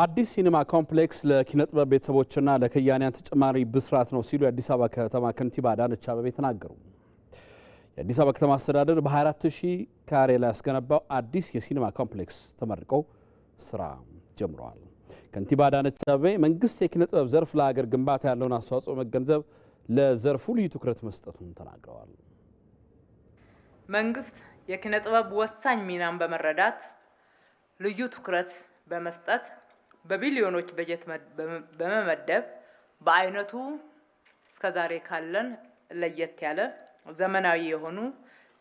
አዲስ ሲኒማ ኮምፕሌክስ ለኪነጥበብ ቤተሰቦችና ለከያንያን ተጨማሪ ብስራት ነው ሲሉ የአዲስ አበባ ከተማ ከንቲባ አዳነች አበቤ ተናገሩ። የአዲስ አበባ ከተማ አስተዳደር በ24 ሺህ ካሬ ላይ ያስገነባው አዲስ የሲኒማ ኮምፕሌክስ ተመርቆ ስራ ጀምረዋል። ከንቲባ አዳነች አበቤ መንግስት የኪነጥበብ ዘርፍ ለሀገር ግንባታ ያለውን አስተዋጽኦ መገንዘብ ለዘርፉ ልዩ ትኩረት መስጠቱን ተናግረዋል። መንግስት የኪነጥበብ ወሳኝ ሚናን በመረዳት ልዩ ትኩረት በመስጠት በቢሊዮኖች በጀት በመመደብ በአይነቱ እስከዛሬ ካለን ለየት ያለ ዘመናዊ የሆኑ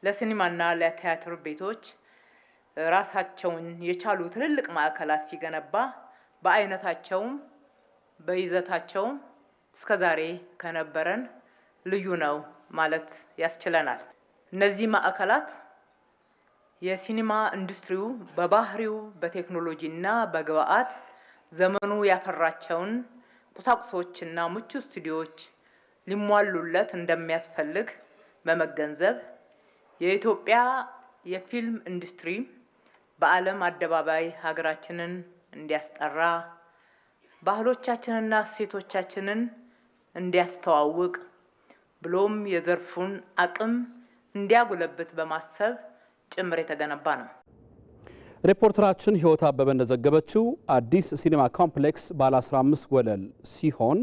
ለሲኒማና ለቲያትር ቤቶች ራሳቸውን የቻሉ ትልልቅ ማዕከላት ሲገነባ በአይነታቸውም በይዘታቸውም እስከዛሬ ከነበረን ልዩ ነው ማለት ያስችለናል። እነዚህ ማዕከላት የሲኒማ ኢንዱስትሪው በባህሪው በቴክኖሎጂና በግብአት ዘመኑ ያፈራቸውን ቁሳቁሶችና ምቹ ስቱዲዮዎች ሊሟሉለት እንደሚያስፈልግ በመገንዘብ የኢትዮጵያ የፊልም ኢንዱስትሪ በዓለም አደባባይ ሀገራችንን እንዲያስጠራ ባህሎቻችንና እሴቶቻችንን እንዲያስተዋውቅ ብሎም የዘርፉን አቅም እንዲያጉለብት በማሰብ ጭምር የተገነባ ነው። ሪፖርተራችን ህይወት አበበ እንደዘገበችው አዲስ ሲኒማ ኮምፕሌክስ ባለ 15 ወለል ሲሆን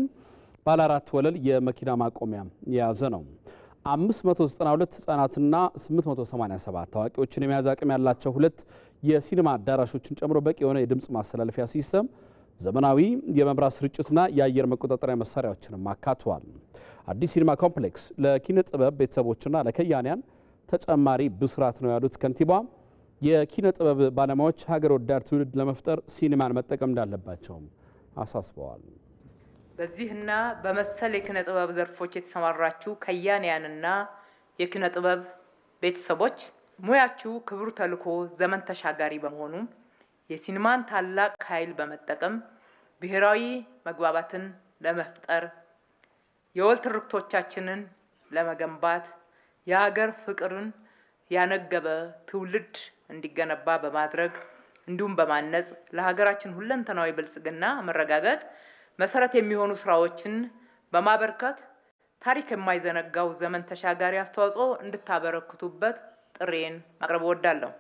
ባለ አራት ወለል የመኪና ማቆሚያ የያዘ ነው። 592 ህጻናትና 887 ታዋቂዎችን የመያዝ አቅም ያላቸው ሁለት የሲኒማ አዳራሾችን ጨምሮ በቂ የሆነ የድምፅ ማስተላለፊያ ሲስተም፣ ዘመናዊ የመብራት ስርጭትና የአየር መቆጣጠሪያ መሳሪያዎችንም አካቷል። አዲስ ሲኒማ ኮምፕሌክስ ለኪነ ጥበብ ቤተሰቦችና ለከያንያን ተጨማሪ ብስራት ነው ያሉት ከንቲባ የኪነ ጥበብ ባለሙያዎች ሀገር ወዳድ ትውልድ ለመፍጠር ሲኒማን መጠቀም እንዳለባቸውም አሳስበዋል። በዚህና በመሰል የኪነ ጥበብ ዘርፎች የተሰማራችሁ ከያንያንና የኪነ ጥበብ ቤተሰቦች ሙያችሁ ክቡር ተልኮ ዘመን ተሻጋሪ በመሆኑ የሲኒማን ታላቅ ኃይል በመጠቀም ብሔራዊ መግባባትን ለመፍጠር የወል ትርክቶቻችንን ለመገንባት የሀገር ፍቅርን ያነገበ ትውልድ እንዲገነባ በማድረግ እንዲሁም በማነጽ ለሀገራችን ሁለንተናዊ ብልጽግና መረጋገጥ መሰረት የሚሆኑ ስራዎችን በማበርከት ታሪክ የማይዘነጋው ዘመን ተሻጋሪ አስተዋጽኦ እንድታበረክቱበት ጥሬን ማቅረብ እወዳለሁ።